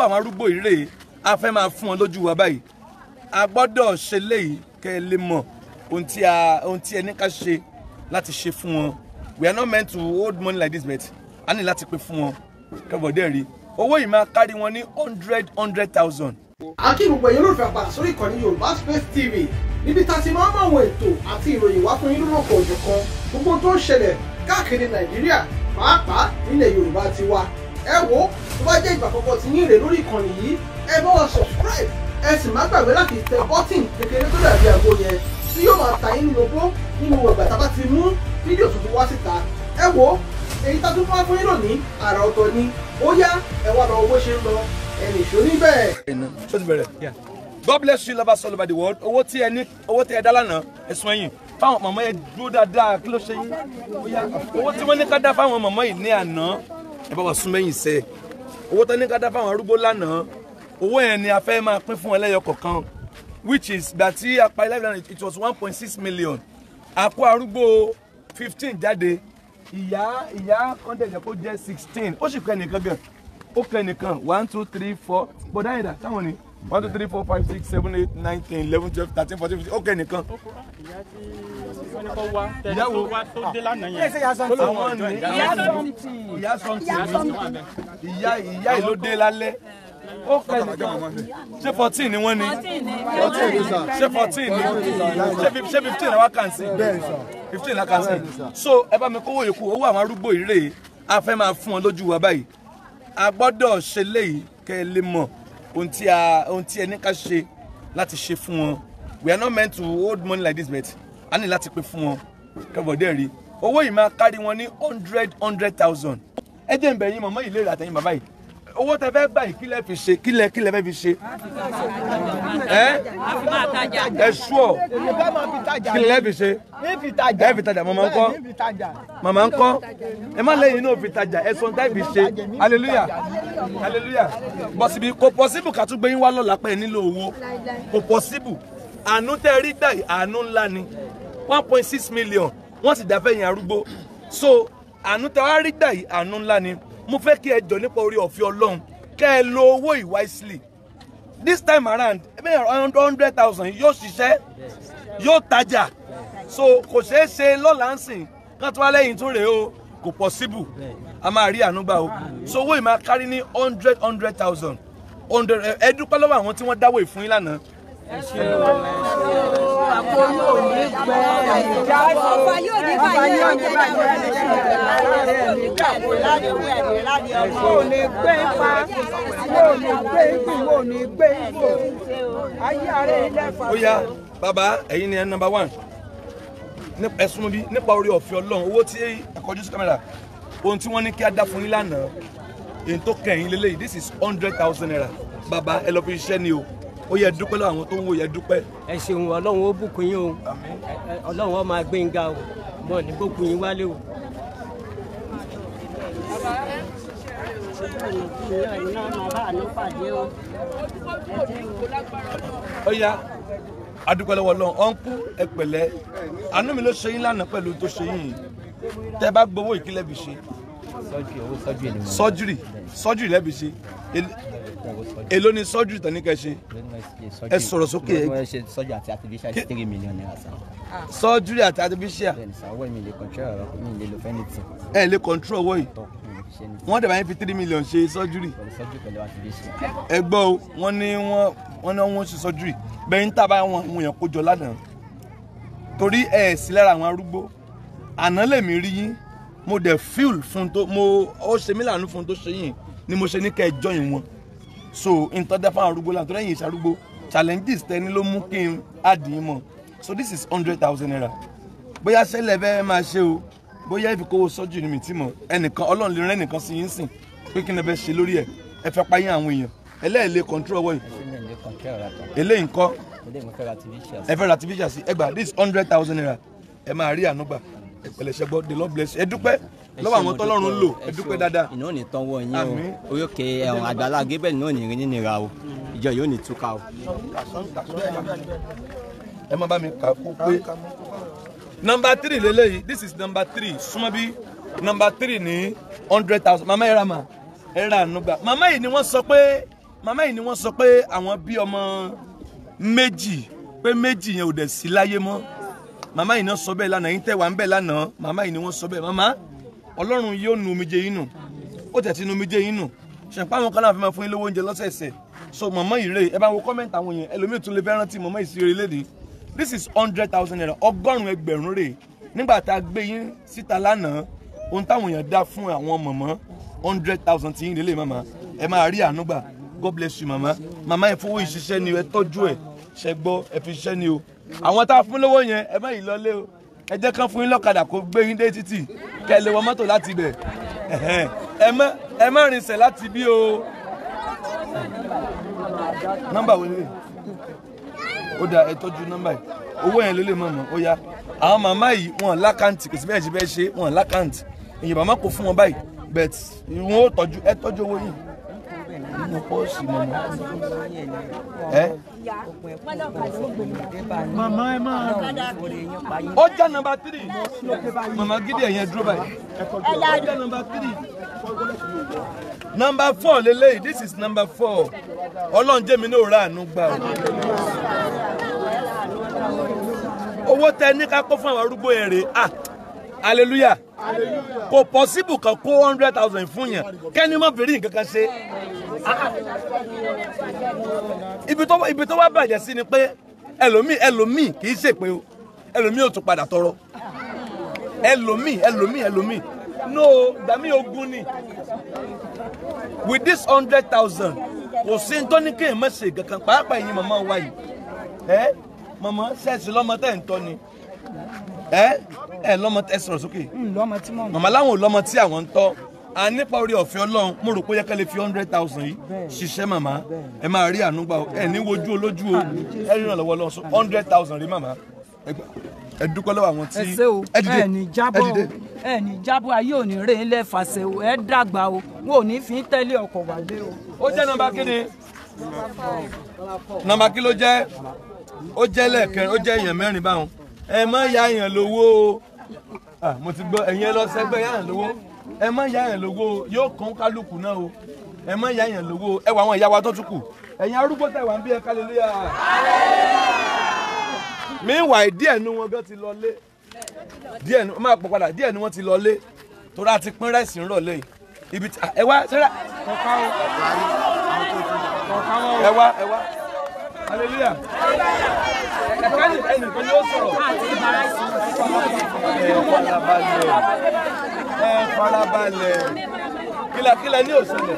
àwọn arúgbó ìrè a fẹ́ máa fún wọn lójú wa báyìí a gbọ́dọ̀ ṣe léyìí kẹ́ ẹ lè mọ̀ ohun tí a ohun tí ẹni ká ṣe láti ṣe fún wọn we are not meant to hold money like this but a ní láti pè fún wọn kẹ́bọ̀dẹ́ rí owó yìí máa kárí wọn ní hundred hundred thousand. akíngbogbo ẹ̀yin olùfẹ́ àpàtà sórí ìkànnì Yorùbá Space TV níbi tá a ti máa ń mọ àwọn ètò àti ìròyìn wá fún yín lọ́kọ̀ọ̀kan gbogbo tó ń ṣẹlẹ̀ káàkiri Nàìjíríà pàápàá nílẹ̀ Yorùbá tiwa ẹ wo tó bá jẹ́ ìgbà àkọ́kọ́ tí yín rè lórí ìkànnì yìí ẹ bá wa subscribe ẹ sì má gbàgbé láti tẹ bọ́tìn kékeré tó dàbí àgbo yẹn tí yóò máa ta yín ní gbogbo ní gbogbo ìgbà tá a bá ti mú fídíò tuntun wá síta ẹ wo èyí tá a tún fún wa fún yín lónìí àrà ọ̀tọ̀ ni ó yá ẹ wá lọ owó ṣe ń lọ ẹnì ìṣó níbẹ̀. God bless you lovers all over the world owó tí ẹ ní owó tí ẹ dá lánàá ẹ sún ẹ̀yìn fáwọn màmá yẹn dúró dáadáa kí ló ṣe yín owó tí wọ́n ní ká dá fáwọn màmá yìí ní àná ẹ bá wa sún mẹ́yìn sẹ́ owó tán ní ká fáwọn arúgbó lánàá owó yẹn ni a fẹ́ máa pín fún ẹlẹ́yọ kọ̀ọ̀kan which is gbà tí a pa ilé ìlànà it was one point six million a kó arúgbó fifteen jáde ìyá ìyá kọ́ńtẹ̀jẹ̀ kó jẹ́ sixteen ó sì kọ́ ẹnìkan gan ó kọ́ ẹnìkan one two three four bọ̀dá ìdá táwọn ni one two three four five six seven eight nine ten eleven twelve thirteen fourteen fifteen okay nìkan. ìyá tí ìyá sọ̀ntì ìyá sọ̀ntì ìyá ìyá ìlú dé lálẹ́ ó pẹ̀lú gan. ṣé fourteen ni wọ́n ni ṣé fourteen ni ṣé fifteen la wá kàn sí fifteen la kàn sí so ẹ bá mi kówó yòókù owó àwọn arúgbó ìrè a fẹ́ máa fún ọ lójú wa báyìí a gbọ́dọ̀ ṣe léyìí kẹ́ ẹ lè mọ̀ ohun tí a ohun tí ẹni ká ṣe láti ṣe fún wọn we are not meant to hold money like this but a ní láti pè fún wọn kẹfọdẹ rí owó yìí máa kárí wọn ní hundred hundred thousand ẹ jẹ́ ń bẹ̀ yín màmá yìí lè rà àtẹ̀yìn bàbá yìí owó tẹ fẹ́ gbà yìí kí lẹ fi ṣe kí lẹ kí lẹ fẹ́ fi ṣe. ẹ ẹ sùọ kí lẹ fi ṣe ẹ fi tajà màmá ń kọ́ màmá ń kọ́ ẹ má lẹ́yìn náà fi tajà ẹ sọ̀n fi ṣe hallelujah hallelujah possible kò possible ká tún gbé yín wá lọ́la pé nílò owó kò possible àánú tẹ́ rí gbà yìí àánú ńlá ni one point six million wọ́n sì dáfẹ́ yẹn arúgbó so àánú tẹ wá rí gbà yìí àánú ńlá ni mo fẹ́ kí ẹ jọ nípa orí ọ̀fẹ́ ọlọ́run kẹ́ ẹ lo owó yìí wisely this time around ẹbí ọ̀rọ̀ hundred thousand yóò ṣiṣẹ́ yóò tajà so kò ṣeé ṣe lọ́la ń sìn kán tó wá lẹ́yìn tún rèé o kò possible a máa rí àánú gbà o so owó yìí máa kárí ní hundred hundred thousand hundred ẹ dúpẹ́ lọ́wọ́ àwọn tí wọ́n dáwọ́ ìfún yín lánàá Oya, Baba, ní gbẹ ìjà ọ̀rọ̀ ni ẹ̀ nọ́mbà one ẹ̀sùn mi nípa orí ọ̀fẹ́ ọlọ́run owó tí ẹ̀kọ́jú sí kámẹ́rà ohun tí wọ́n ní kí a dá fún yín lánàá èyí tó kẹ́yìn lélẹ́yìí this is hundred thousand naira Baba, ẹ lọ fi ṣiṣẹ́ ni o ó yẹ dúpẹ́ lọ́wọ́ tó ń wò yẹ dúpẹ́. ẹ ṣeun ọlọ́run ó bùkún yín o ọlọ́run ó máa o mọ ní bùkún yín wálé o. ó yá adúpẹ́ lọ́wọ́ ọlọ́run ọ̀nkú ẹ pẹ̀lẹ́ àánú mi ló ṣe yín lánàá pẹ̀lú tó ṣe yín tẹ́ bá gbowó ìkílẹ̀ bí ṣe sọ́júrì sọ́júrì lẹ́bi ṣe èló ni surgery tán ní kẹsí ẹ sọ̀rọ̀ sókè ẹ. surgery àti artificial is three million naira sa. Ah. surgery àti artificial. bẹ́ẹ̀ni sa ọwọ́ mi lè control ọ̀rọ̀ mi lè lo fẹ́nìtì. ẹ lè control ọwọ́ wọ́n dẹ̀ bá yín fi three million ṣe surgery. ẹ gbọ́ o wọ́n ní wọ́n wọ́n ní wọ́n ṣe surgery bẹ́ẹ̀ ń tàbá wọn àwọn èèyàn kójọ lánàá torí ẹ̀ sí lára àwọn arúgbó àná lèmi rí yín mo dẹ̀ fíìl fún tó mo ó ṣe mí lànà fún tó ṣe yín ni mo ṣe ní kẹjọ yìí wọn so n tọ́ dá fáwọn arúgbó láti rẹ́yìn ìṣarúgbó challenges tẹni ló mú kí n àdín mọ̀ so this is hundred thousand naira bóyá sẹ́lẹ̀ bẹ́ẹ̀ máa ṣe o bóyá ìfikówó sọ́jú ni mi ti mọ̀ ẹnìkan ọlọ́run lè rán ẹnìkan sí yín sìn pé kí ni ẹ bẹ́ ṣe lórí ẹ̀ ẹ fẹ́ payín àwọn èèyàn ẹlẹ́yìn lè control ọwọ́ yìí eléyìí ńkọ́ ẹ fẹ́ ra tv ṣàṣì ẹgbàá this hundred thousand naira ẹ máa rí ànúgbà ẹ pẹ̀lẹ́ṣẹ́ gbọ́ the Lord bless you ẹ dúpẹ́ lọ́wọ́ àwọn tọ́lọ́run lò ẹ dúpẹ́ dáadáa. iná ò ní tọ́wọ́ yín o orókè ẹ̀wọ̀n àgbàlá gébẹ̀ náà ní rìn nira o ìjọ yóò ní túká o. ẹ má bá mi kà kó pé nọ́mbà tírì lélẹ́yìí this is nọ́mbà tírì súnmọ́ bí nọ́mbà tírì ní hundred thousand mama ẹ̀rà mà ẹ̀rà ànúgbà mama yìí ni wọ́n sọ pé mama yìí ni wọ́n sọ pé àwọn bí ọmọ méjì pé méjì yẹn ò dẹ̀ sí láyé mọ́ mama yìí ni wọ́n sọ bẹ́ẹ̀ lánàá yín tẹ̀ wá ń bẹ̀ lánàá mama yìí ni wọ́n sọ bẹ́ẹ̀ mama ọlọ́run yóò nu omijé yín nù ó tẹ̀ tí nu omijé yín nù ṣèǹpá àwọn kan náà fi máa fún yín lówó oúnjẹ lọ́sẹ̀ẹ̀sẹ̀ so màmá yìí rè ẹ bá wo kọ́mẹ́ǹtì àwọn yẹn ẹlòmíì tún lè fẹ́ rántí màmá yìí sí eré léde this is hundred thousand naira ọgọ́rùn-ún ẹgbẹ̀rún rè nígbà tá a gbé yín síta lánàá ohun táwọn èèyàn dá fún àwọn màmá hundred thousand tí yín lélẹ̀ màmá ẹ máa rí àánú gbà god bless you màmá màmá ẹ fowó ìṣiṣẹ́ ni ẹ tọ́jú ẹ ṣẹgbọ́ ẹ fi ṣiṣẹ́ ni o àwọn tá a fún lówó yẹn ẹ má yìí lọ lé o ẹ jẹ́ kán fún yín lọ́kadà kó gbé yín dé títì kẹ́ ẹ lè wọ mọ́tò láti ibẹ̀ ẹ má ẹ má rinsẹ̀ láti bí o nọ́mbà wo lè ó da ẹ tọ́jú nọ́mbà yìí owó yẹn ló lè mọ̀ mọ́ ó yá àwọn màmá yìí wọn lákàntì kò sí bẹ́ẹ̀ ṣe bẹ́ẹ̀ ṣe wọn lákàntì èyí màmá kò fún wọn báyìí bẹ́ẹ̀ wọn ó tọ́jú ẹ owó yìí nínú póòsì mọ̀mọ́. ẹ. màmá ẹ máa ó jẹ́ nọmba tírì màmá gidi ẹ̀yẹn dúró báyìí ó jẹ́ nọmba tírì. nọmba four lélẹ́yìí this is number four ọlọ́run jẹ́ mi ní òórá àánú gbà ó. owó tẹ ní ká kó fún àwọn arúgbó yẹn ah, hallelujah kò pọ̀ síbù kan kó one hundred thousand fún yẹn kẹ́ni má bèrè nǹkan kan ṣe ibi tó wá bàjẹ́ sí ni pé ẹlòmíì ẹlòmíì kì í ṣèpè o ẹlòmíì ò tún padà tọrọ ẹlòmíì ẹlòmíì ẹlòmíì no gbàmí ogun ni with this hundred thousand kò sí tó ní kéèyàn mẹ́sẹ̀ kankan pàápàá ẹ̀yin màmá wa yìí ẹ màmá sẹ́ẹ̀sì lọ́mọ tẹ̀ ń tọ́ ni ẹ ẹ lọ́mọ tẹ̀ sọ̀rọ̀ sókè màmá láwọn ò lọ́mọ tí àwọn ń tọ́ a nípa orí ọ̀fẹ́ ọlọ́run mo rò pé yẹ ká lè fi hundred thousand yìí ṣiṣẹ́ màmá ẹ máa rí ànúgbà ẹ ní wojú olójú o ẹ rí ìrànlọ́wọ́ ọlọ́run so hundred thousand rí màmá ẹ dúpẹ́ lọ́wọ́ àwọn tí ẹ dìde ẹ ní jábọ̀ ẹ ní jábọ̀ ayé ò ní rè é lẹ́fàṣẹ o ẹ dàgbà o wọn ò ní fi ń tẹ́lé ọkọ̀ wálé o. ó jẹ́ nọ́mbà kíni nọ́mbà kí ló jẹ́ ó jẹ́ lẹ́ẹ̀kẹrin ó jẹ́ èèyàn mẹ́rin báwọn ẹ má ya èèyàn lówó o mo ti gbọ́ ẹ̀yin ẹ lọ sẹ́gbẹ́ yàn lówó ẹ má yá yẹn lówó yóò kàn kálukú náà o ẹ má yá yẹn lówó ẹ wà àwọn ìyá wa tó tún kù arúgbó tẹ̀ wá ń bí ẹ hallelujah. meanwhile díẹ̀ nu wọn gan ti lọ lé díẹ̀ nu máa pọ̀ padà díẹ̀ nu wọn ti lọ lé torí a ti pín rẹ́sì ńrọ̀lẹ́ yìí ibi tí ẹ wá sẹ́rà kọ̀ọ̀ká o kọ̀ọ̀ká o ẹ wá ẹ wá hallelujah. ẹ̀ka ẹnìkan ni ó sọ̀rọ̀ farabalẹ̀ kílakíla ní òṣèlè.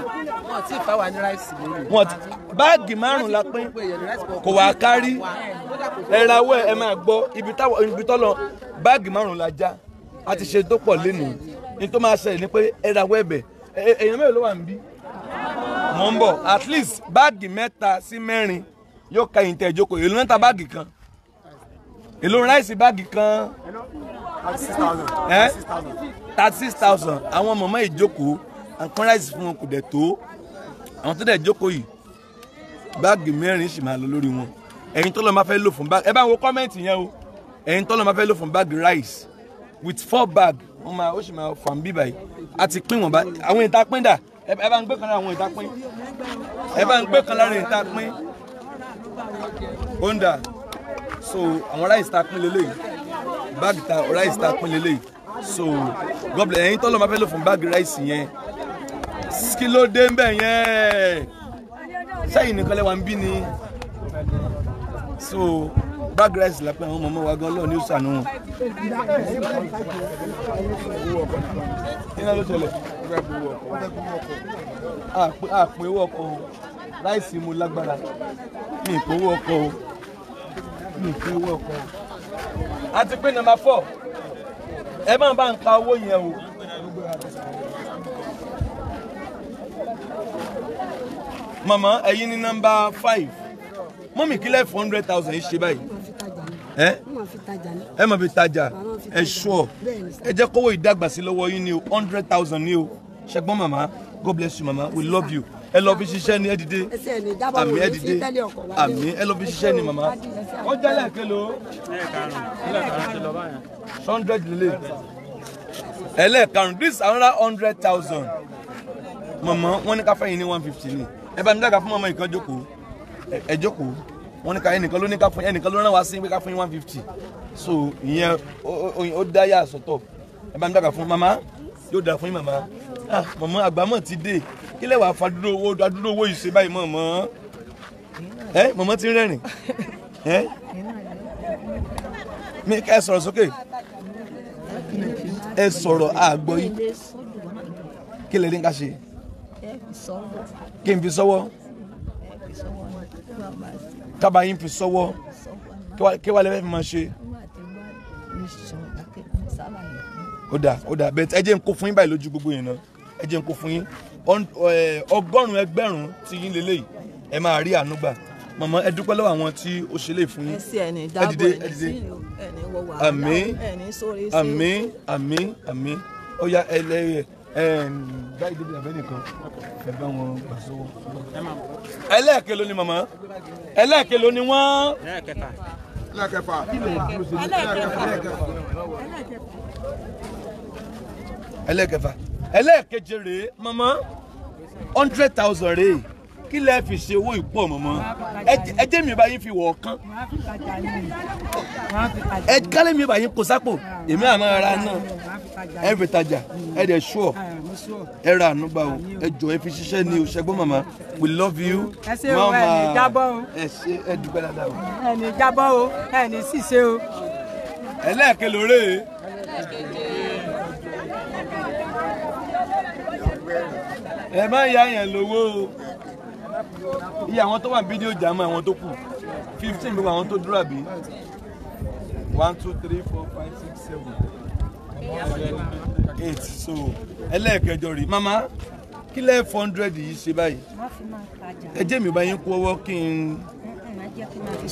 wọn ti fa wa ní ráìsì lórí. wọn ti báàgì márùn la pín kò wá kárí ẹ̀rawọ́ ẹ máa gbọ́ ibi táwọn ibi tọ́lọ báàgì márùn-ún la já a ti ṣe tó pọ̀ lénìí ní tó máa ṣẹlẹ̀ ni pé ẹ̀rawọ́ ẹ̀bẹ̀ èèyàn mẹ́rin ló wà níbí mò ń bọ̀ at least báàgì mẹ́ta sí mẹ́rin yóò ka ìyìn tẹ̀ ìjókòó èlò náà ta báàgì kan èlò ráìsì báàgì kan. six thousand thirty six thousand àwọn mọ̀mọ́ ìjókòó nǹkan ráìsì fún wọn kò dẹ̀ tó àwọn tó dẹ̀ jókòó yìí báàgì mẹ́rin sì máa lọ lórí wọn ẹ̀yin tọ́lọ́ máa fẹ́ lò fún báàgì ẹ bá wo kọ́mẹ́ǹtì yẹn o ẹ̀yin tọ́lọ́ máa fẹ́ lò fún báàgì ráìsì with four bag wọ́n máa ó sì máa fà ń bí báyìí a ti pín wọn bá àwọn ìta pín dà ẹ bá ń gbé kan lára àwọn ìta pín ẹ bá ń gbé kan lára ìta pín ó ń dà so àwọn ráìsì ta pín lélẹ́yìí báàgì ta ráìsì ta pín lélẹ́yìí so god bless ẹ̀yin tọ́lọ́ máa fẹ́ lò fún báàgì ráìsì yẹn kí ló dé ń bẹ̀ yẹn sẹ́yìn nìkan lẹ́wà ń bí ni so báàgì ráìsì lápẹ́ àwọn ọmọ wa gan lọ́ọ̀ ní ìsànú wọn. iná ló ṣẹlẹ̀ àpò owó ọkọ̀ ráìsì mu lágbára mi ìpò owó ọkọ̀ mi ìpò owó ọkọ̀ àti pé nọ́mbà four ẹ máa bá ń ka owó yẹn o. màmá ẹ̀yin ní nọ́mbà five mọ́mì kílẹ̀ four hundred thousand yìí ṣe báyìí ẹ ẹ máa fi tajà ẹ ṣọ ẹ jẹ́ kówó ìdàgbàsí lọ́wọ́ yín ni o hundred thousand ni o ṣẹgbọ́n màmá God bless you mama. we love you ẹ lọ fi ṣiṣẹ́ ni ẹ dìde àmì ẹ dìde àmì ẹ lọ fi ṣiṣẹ́ ni màmá ó jẹ́lẹ̀ kelo hundred lele ẹlẹ́ẹ̀karùn this another hundred thousand màmá wọ́n ní ká fẹ́ yín ní one fifty ni ẹ bá mi dáka fún màmá yìí kan jókòó ẹ jókòó wọ́n ní ká ẹnìkan ló ní ká fún ẹnìkan ló rán wá sí pé ká fún yín one fifty so ìyẹn ó dá yà sọ́tọ̀ ẹ bá mi dáka fún màmá yóò da fún yín màmá ah, màmá àgbámọ̀ ti dé kí lẹ́wà àdúró owó àdúró owó ìṣe báyìí màmá ẹ màmá ti rẹ́rìn ẹ mi ká ẹ sọ̀rọ̀ sókè ẹ sọ̀rọ̀ àgbọ̀ yìí kí lè ní ká ṣe kí n fi sọ́wọ́ kábàáyín fi sọ́wọ́ kí wàá lè fẹ́ fi máa ṣe ó dà ó dà bẹ́ẹ̀ ẹ jẹ́ n kó fún yín báyìí lójú gbogbo yẹn náà ẹ jẹ́ n kó fún yín eh, ọgọ́rùn-ún ẹgbẹ̀rún tí yín lélẹ́yìí ẹ máa rí àánú gbà màmá ẹ dúpẹ́ lọ́wọ́ àwọn tí ó ṣe lè fún yín ẹ dìde ẹ dìde àmín àmín àmín àmín ó yá ẹ lẹ́yìn báyìí débi àbẹ́ nìkan ẹ bá wọn gbà sówó. ẹlẹ́ẹ̀kẹ́ ló ni màmá ẹlẹ́ẹ̀kẹ́ ló ni wọ́n. ẹlẹ́ẹ̀kẹta ẹlẹ́kẹfà ẹlẹ́kẹfà ẹlẹ́kẹje rèé màmá hundred thousand rèé kí lẹ fi ṣe owó ìpọ̀ mọ̀mọ́ ẹ jẹ́ mi báyìí fi wọ̀ ọ̀kan ẹ kálẹ̀ mi báyìí kò sápò èmi àmọ́ ara náà ẹ fi tajà ẹ dẹ̀ ṣùọ́ ẹ ra àánú gbà o ẹ jọ ẹ fi ṣiṣẹ́ ni o ṣẹgbọ́n màmá we love you ẹ ṣe o ẹ ní jábọ́ o ẹ ṣe ẹ dúpẹ́ dáadáa o ẹ ní jábọ́ o ẹ ní ṣìṣe o. ẹlẹ́ẹ̀kẹ́ ẹ má ya yẹn lówó o iye àwọn tó wà bíi ní ọjà mọ àwọn tó kù fifteen gbogbo àwọn tó dúró àbí one two three four five six seven eight so ẹlẹ́ẹ̀kẹjọ rèé mama kí lẹ́ẹ̀ four hundred yìí ṣe báyìí. wọ́n fi máa tajà. ẹ jẹ́ mi bá yín kú ọwọ́ kí n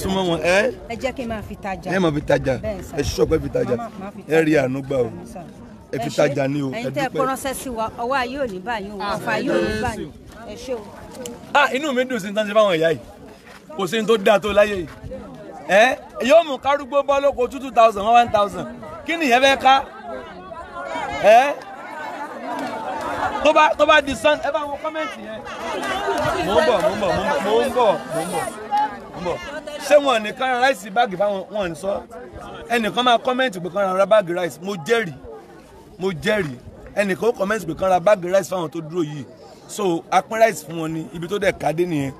súnmọ́ wọn ẹ. ẹ jẹ́ kí n máa fi tajà. ẹ máa fi tajà ẹ ṣíṣọ́ pé fi tajà ẹ rí àánú gbà o ẹ fi tajà ní o ẹ dúpẹ́. ẹ̀yin tẹ́ ẹ kọ́ránṣẹ́ sí wa ọwọ́ ayé ò ní báyìí o ah, ọ̀fà ayé ò ní báyìí ẹ ṣé o. a ah, inú mi dùn sí ní tánṣe fáwọn ìyá yìí kò sí ní tó dáa tó láyé yìí ẹ yóò mú kárúgbó bọ́ lóko two two thousand one thousand kí nìyẹn fẹ́ ká ẹ tó bá tó bá di sun ẹ bá wo kọ́mẹ́ǹtì yẹn mò ń bọ̀ mò ń bọ̀ mò ń bọ̀ mò ń bọ̀ mò ń bọ̀ ṣé wọn nìkan ra ráìsì báàgì fáwọn wọn ń sọ ẹnìkan máa kọ́mẹ́ǹtì pé kan ra báàgì ráìsì mo jẹ́rìí mo jẹ́rìí ẹnìkan ó kọ́mẹ́ǹtì pé kan ra báàgì ráìsì fáwọn tó dúró yìí so apín ráìsì fún wọn ní ibi tó dẹ̀ ká dé nìyẹn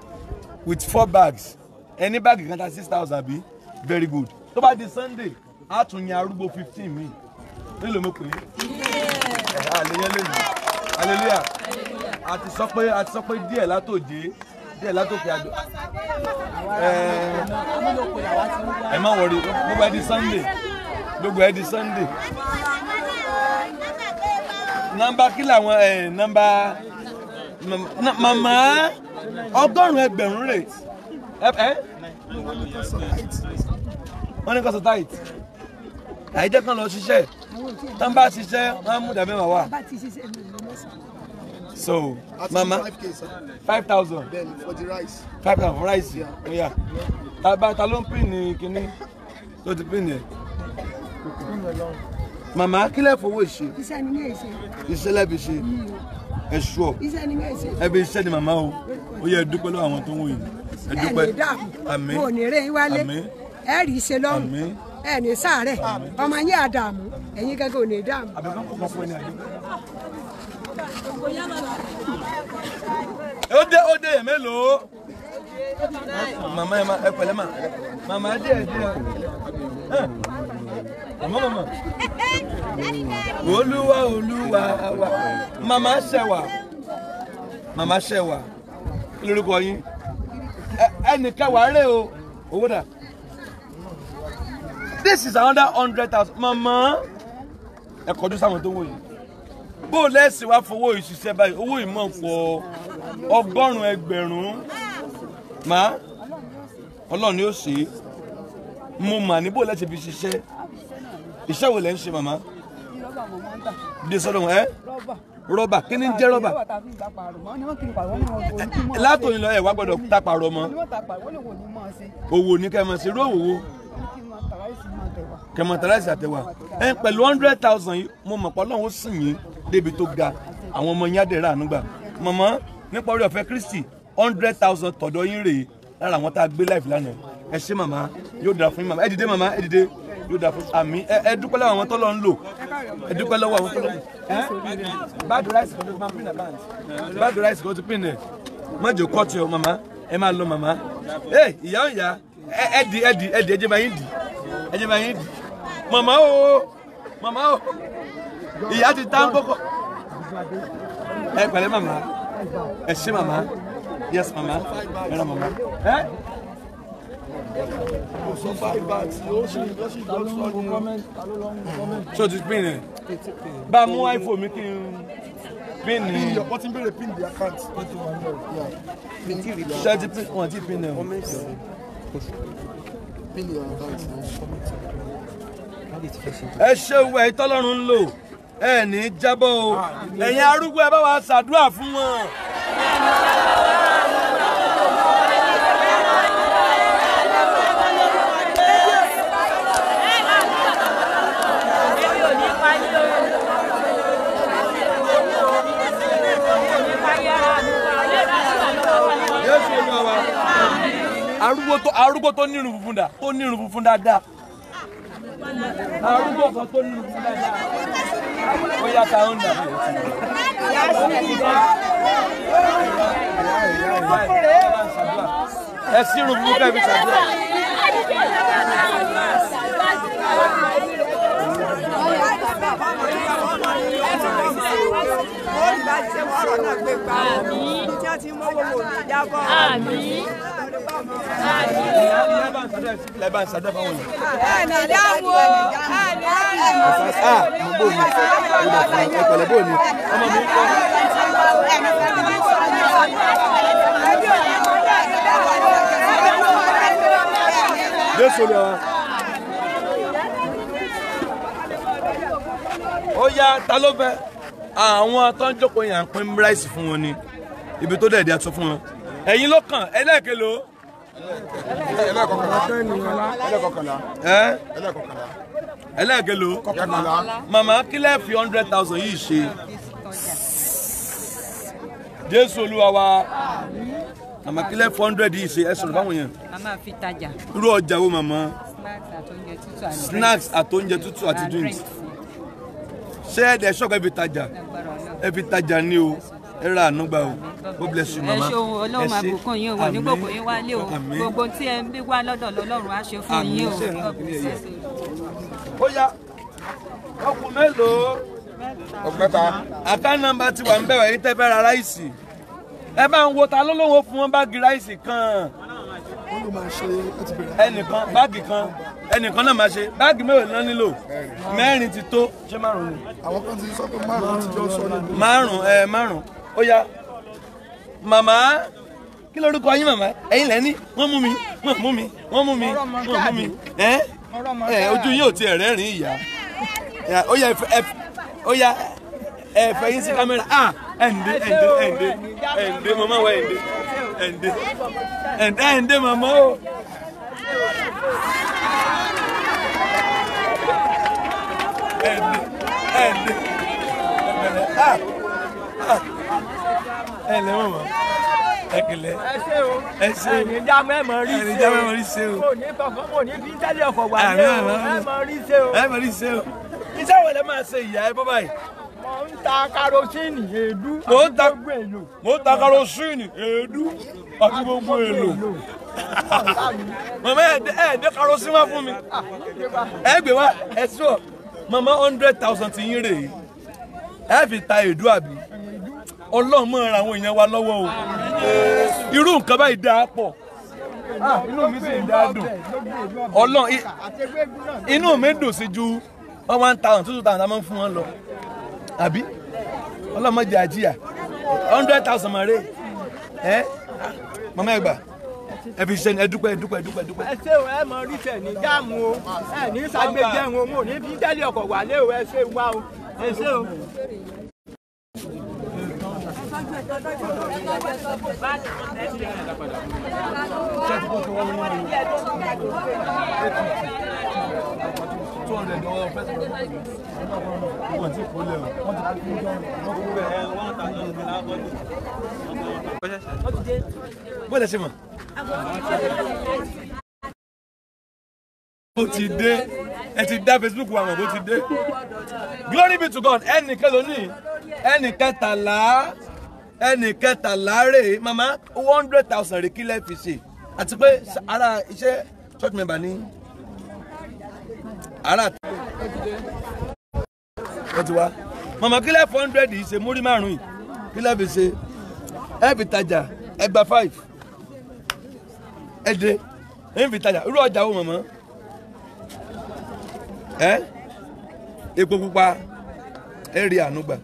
with four bags ẹni báàgì kan ta six thousand àbí very good tó bá di Sunday á tún fifteen mi nílò mo àlèyé lèyí hallelujah a ti sọ pé a ti sọ pé díẹ̀ látòjé díẹ̀ látòkè àjọ eh, ẹ má wọrí gbogbo ẹ di Sunday gbogbo ẹ di Sunday kila nọ́mbà kí làwọn eh, mama, nọ́mbà màmá ọgọ́rùn-ún ẹgbẹ̀rún rè ẹ wọ́n ní kọ́sọ̀ táìtì àìjẹ́ kan lọ ṣiṣẹ́ tán bá ṣiṣẹ́ wọ́n á mú ìdá mẹ́wàá wá. so mama five thousand five thousand for rice oya tàbá ta ló ń pín ní kínní tó ti pín yẹn. màmá kílẹ̀ fowó ìṣe iṣẹ́ ni mi ẹ̀ ṣe iṣẹ́ lẹ́bi ṣe ẹ ṣùọ́ iṣẹ́ ni mi ẹ̀ ṣe ẹbí iṣẹ́ ni màmá o ó yẹ dúpẹ́ lọ́wọ́ àwọn tó ń wò yìí ẹ dúpẹ́ àmín ẹ ní dààmú lọ́rùn ẹ ní sáré ọmọ yín àdààmú ẹ̀yin gẹ́gẹ́ ò ní dààmú. ó dé ó dé mélòó mama ẹ ma ẹ pẹ̀lẹ́ ma mama ẹ dé ẹ dé ẹ mama mama olúwa olúwa wa mama ṣẹwà mama ṣẹwà kí lorúkọ yín ẹnì kẹwàá rèé o owó dà this is another hundred thousand mama ẹ kọjú sáwọn tó wọ yìí bó lẹ́sìn wá fowó ìṣiṣẹ́ báyìí owó ìmọ̀ pọ̀ ọgọ́rùn-ún ẹgbẹ̀rún má ọlọ́run ni ó ṣe é mo mà ní bó lẹ́sìn fi ṣiṣẹ́ iṣẹ́ wo lẹ́ ń ṣe màmá dé sọ́dọ̀ wọn ẹ́ rọ́bà kí ni ń jẹ́ rọ́bà látòyìn lọ ẹ̀ wá gbọ́dọ̀ tápàrọ̀ mọ́ owó ní kẹ́ mọ̀ sí irú òwò wo tẹmọtẹrẹsì àtẹwà ẹ pẹ̀lú hundred thousand yìí mo mọ̀ pé Ọlọ́run ó sìn yín débi tó ga àwọn ọmọ yín àdẹ̀rẹ̀ ànúgbà mọ̀mọ́ nípa orí ọ̀fẹ́ Kristi hundred thousand tọ̀dọ̀ yín rèé lára àwọn tá a gbé life lánàá ẹ ṣé màmá yóò dára fún yín màmá ẹ dìde màmá ẹ dìde yóò dára fún yín àmì ẹ dúpẹ́ lọ́wọ́ àwọn tọ́lọ́ ń lò ẹ dúpẹ́ lọ́wọ́ àwọn tọ́lọ́ ń lò báàdù ráìsì kan tó máa pín náà báàdù ráìsì ọ màmá ẹ máa lọ màmá ẹ ìyá ọ̀yà ẹ ẹ di ẹ di ẹ di ẹ jẹ́ bá yín di ẹ jẹ́ bá yín di màmá o màmá o ìyá ti tán kókó ẹ pẹ̀lẹ́ màmá ẹ ṣé màmá yes màmá ẹ rà màmá ẹ five bags ó sì lọ sí ìjọsọ ni so ti pin rẹ bá a mú iphone mi kí n pin ní. wọ́n ti ń béèrè pin the account. ṣáà ti pin wọ́n ti pin ẹ̀ o. pin the account ẹ ṣeun ẹ̀ tọ́lọ́run ń lò ẹ ní jábọ́ o ah, ẹ̀yin arúgbó ẹ bá wa ṣàdúrà fún wọn. arúgbó tó arúgbó tó nírun funfun dá tó nírun funfun dá dáa arúgbó kan tó nù sí dáadáa ó yá ká ó nà. ẹ sí rúbú kẹ́mi ṣàdúrà. Àmín. Jésù lọ. Ó yá ta ló fẹ́? Àwọn tó ń jókòó yẹn à ń pín rice fún wọn ni. Ibi tó dẹ̀ di aṣọ fún wọn. Ẹ̀yin ló kàn ẹlẹ́ẹ̀kẹ́ ló ẹlẹ́ẹ̀kẹ́lò Mama. kílẹ̀ fi hundred thousand yìí ṣe jésù olúwa wa màmá kílẹ̀ fi hundred yìí ṣe ẹ̀sùn fáwọn yẹn. irú ọjà wo màmá. snacks àtóúnjẹ tútù àti drinks. ṣé ẹ̀ẹ́dẹ̀ ṣọ́ọ̀kì ẹ̀ fi tajà ẹ̀ fi tajà ni o ẹ ra àánú gbà o God bless you mama ẹ ṣe o Ọlọ́run àbùkún yín o wọn ní gbogbo yín wálé o gbogbo tí ẹ ń bí wá lọ́dọ̀ lọ́lọ́run á ṣe fún yín o God bless you. ó yá ọkùn mélòó ọ̀pẹ́ta àká nọ́mbà ti wà ń bẹ̀rẹ̀ yín tẹ́ fẹ́ ra ráìsì ẹ bá ń wo ta ló lóun ó fún wọn báàgì ráìsì kan ẹnìkan báàgì kan ẹnìkan náà máa ṣe báàgì mélòó náà nílò mẹ́rin ti tó ṣé márùn-ún ni. àwọn kan ti sọ pé márùn-ún ti jọ sọ ní. márùn-ún ẹ márùn-ún. Oya, mama, màmá kí lorúkọ yín màmá ẹ̀yin lẹ́ni wọ́n mú mi wọ́n mú mi wọ́n mú mi wọ́n mú mi ẹ ẹ ojú yín ò tiẹ̀ rẹ́rìn ìyá ó ẹ ó ẹ fẹ̀yìn sí kámẹ́rà ah ẹ̀ǹdé ẹ̀ǹdé ẹ̀ǹdé ẹ̀ǹdé mama wa ẹ̀ǹdé ẹ̀ǹdé ẹ̀ǹdé ẹ̀ǹdé mama. o. ẹ̀ǹdé ah ah ẹ lẹ́ wọ̀n mọ́ ẹ kẹlẹ ẹ ṣe o ẹni dá mẹ́mọ rí ṣe o ẹni dá mẹ́mọ rí ṣe o kò ní kọ̀ọ̀kan kò ní fi tẹ́lẹ̀ ọ̀fọ̀ wà ní o mẹ́mọ rí ṣe o mẹ́mọ rí ṣe o iṣẹ́ wo lẹ máa ṣe ìyá ẹ bọ́ báyìí mo ń ta karosíìnì èédú àti gbogbo èlò. mo ń ta karosíìnì èédú àti gbogbo èlò. mama ẹ dé karosíìnì wá fún mi. Ah, ẹ gbé wá ẹ sọ mama hundred thousand ti yín rèé ẹ fi ta èédú àbí ọlọ́run mọ̀ ra àwọn èèyàn wa lọ́wọ́ o irú nǹkan báyìí dáa pọ̀ ah, inú mi sì dáa dùn ọlọ́run inú mi dùn sí ju one thousand two thousand a fún wọn lọ àbí ọlọ́run mọ̀ jẹ́ àjíyà hundred thousand mọ̀ rẹ̀ ẹ́ mọ̀mọ́ ẹgbàá ẹ fi ṣe ẹdúpẹ́ ẹdúpẹ́ ẹdúpẹ́ ẹdúpẹ́. ẹ ṣe o ẹ mọ rí tẹ ní dáàmú o ẹ ní sàgbéjẹ wọn o ní bí tẹ́lẹ̀ ọkọ̀ wà lé o ẹ ṣe wá o ẹ ṣe o two hundred ọwọ fẹsẹ wọn ti kó lẹ o wọn ti kó lẹ o wọn kó lẹ ẹ wọn ta lọ sí lábọdé. bọ́dà ṣe mọ̀. ó ti dé ẹ ti dá Facebook wa mọ̀ bó ti dé glory be to God ẹnì kẹlónì ẹnì kẹtàlá ẹnì kẹtàlá rè mama one hundred thousand rè kílẹ̀ fi ṣe àti pé ara iṣẹ́ church member ni. ara ẹ ti wá mama kílẹ̀ four hundred yìí ṣe múrí márùn yìí kílẹ̀ fi ṣe ẹ fi tajà ẹ gba five ẹ dé ẹ fi tajà irú ọjà wo mama ẹ epo pupa ẹ rí àánú gbà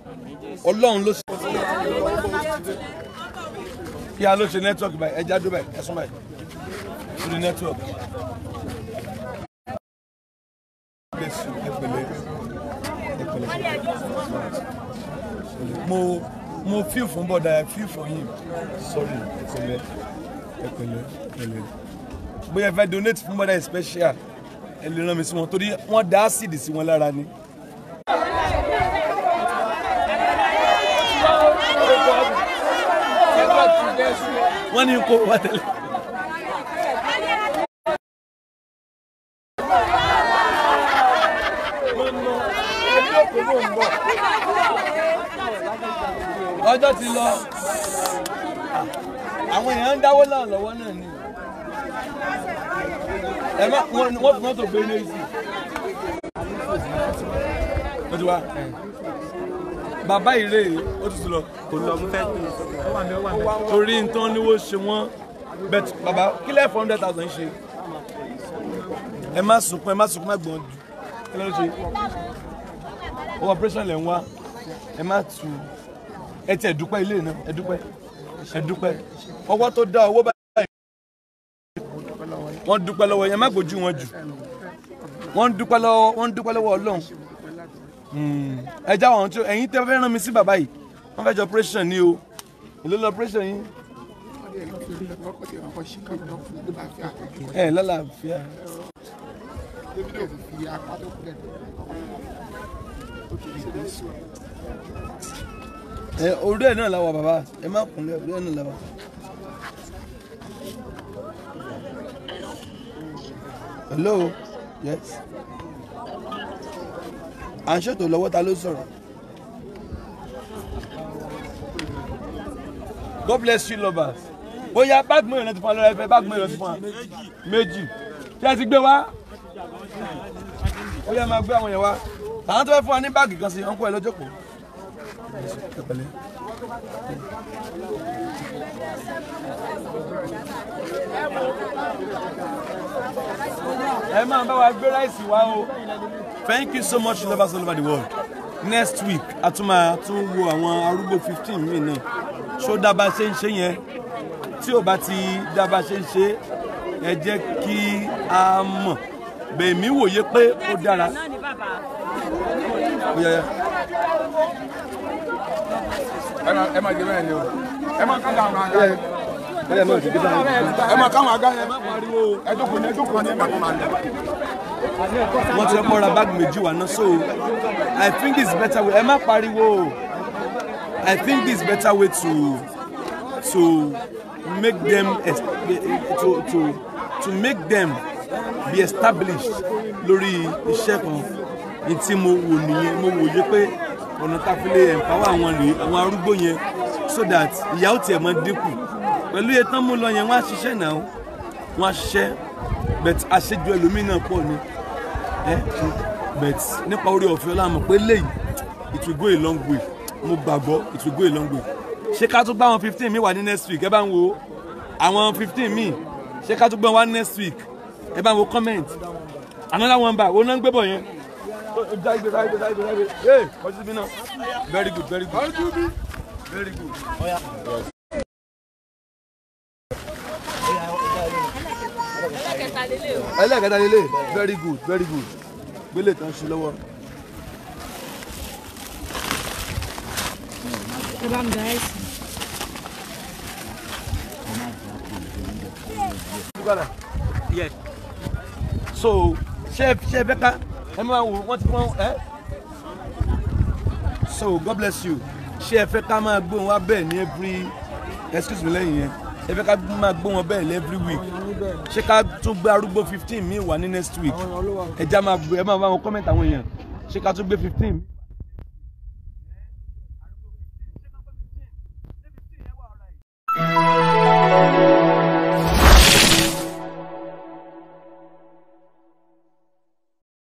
ọlọ́run ló ṣe kí a ló ṣe network báyìí ẹja dúbẹ̀ ẹ̀sùn báyìí through network. mo mo feel fún bọ́dà ẹ feel for him sorry ẹ̀pẹ̀lẹ́ ẹ̀pẹ̀lẹ́ ẹ̀pẹ̀lẹ́ bóyá ẹ fẹ́ donate fún bọ́dà ẹ special ẹ lè ràn mí sí wọn torí wọ́n dá acid sí wọn lára ni. wọ́n ní kó wá tẹ́lẹ̀. ọjọ́ ti lọ àwọn èèyàn ń dáwó náà lọ́wọ́ náà ni ẹ má wọ́n fi mọ́tò gbé ní èyí sí bàbá ìrè ó ti sùn lọ. kò lọ mo fẹ́ e. torí n tán ni wọ́n ṣe wọ́n bẹ́ẹ̀ bàbá kílẹ̀ four hundred thousand ṣe ẹ má sunkún ẹ má sunkún má gbọ̀n jù kí ló ṣe owó operation lẹ̀ ń wá ẹ má tù ẹ ti ẹ dúpẹ́ ilé náà ẹ dúpẹ́ ẹ dúpẹ́ ọwọ́ tó dá owó báyìí wọ́n dúpẹ́ lọ́wọ́ yẹn má gbójú wọn jù wọ́n dúpẹ́ lọ́wọ́ wọ́n dúpẹ́ lọ́wọ́ Ọlọ́run ẹ já wọn tí ẹ̀yin tẹ́ fẹ́ rán mi sí bàbá yìí wọ́n fẹ́ jọ operation ni o èló lọ operation yín. ẹ lálàáfíà. ẹ orí ẹ náà la wà bàbá ẹ má kúnlẹ̀ orí ẹ náà la wà. hello yes à ń ṣètò lọ́wọ́ ta ló sọ̀rọ̀. God bless you lovers. bóyá báàgì mẹ́rin náà ti fún wa lọ́rọ̀ ẹ̀fẹ́ báàgì mẹ́rin náà ti fún wa méjì tí a ti gbé wa ó yẹ máa gbé àwọn yẹn wá àwọn tó fẹ́ fún wa ní báàgì kan sí ọ̀nkú ẹ̀ lọ́jọ́ kù. ẹ máa bá wa gbé ráìsì wá o thank you so much lovers all over the world next week a tún máa tún wo àwọn arúgbó fifteen mi náà ṣó dábàá ṣe ń ṣe yẹn tí ò bá ti dábàá ṣe ń ṣe ẹ jẹ́ kí a mọ̀ bẹ̀mí wòye pé ó dára. ẹ máa jẹ bẹ́ẹ̀ ni o ẹ máa kájà àwọn àgbà yẹn ẹ máa káwọn àgbà yẹn ẹ jókòó ní ẹ jókòó ní ẹ máa kọ́ máa ń dẹ̀ wọ́n ti kọ́kọ́ ra báàgì méjì wá ná so i think this is better way ẹ má pariwo i think this is better way to to make them to to to make them be established lórí iṣẹ́ kan ní tí mo wò nìyẹn mo wòye pé ọ̀nà tá a fi lè empower àwọn rèé àwọn arúgbó yẹn so that ìyà ò tiẹ̀ mọ́ dínkù pẹ̀lú iye tán mú lọ yẹn wọ́n á ṣiṣẹ́ náà wọ́n á ṣiṣẹ́ but àṣejù ẹlòmíràn pọ̀ ni. Eh, but nípa orí ọ̀fẹ́ ọlá mọ̀ pé lẹ́yìn it will go a long way mo gbàgbọ́ it will go a long way ṣé ká tún gbá àwọn fifteen mi wà ní next week ẹ bá ń wo àwọn fifteen mi ṣé ká tún gbá wá next week ẹ bá ń wo comment another one back òun náà ń gbé bọ̀ yẹn very good very good very good. ẹlẹ́ẹ̀kẹta lélẹ̀ very good very good gbélé kan sí lọ́wọ́. ẹ bá mi yes. so ṣe ṣe bẹ́ka ẹ máa wò wọ́n ti wọ́n ẹ́. so god bless you ṣe ẹ fẹ́ ká máa gbóhùn wá bẹ́ẹ̀ ní every excuse me lẹ́yìn yẹn ẹ fẹ́ ká máa gbọ́ wọn bẹ́ẹ̀ lẹ́fírí week ṣé ká tún gbé arúgbó fifteen mi wà ní next week ẹ já máa ẹ máa bá wọn comment àwọn èèyàn ṣé ká tún gbé fifteen mi.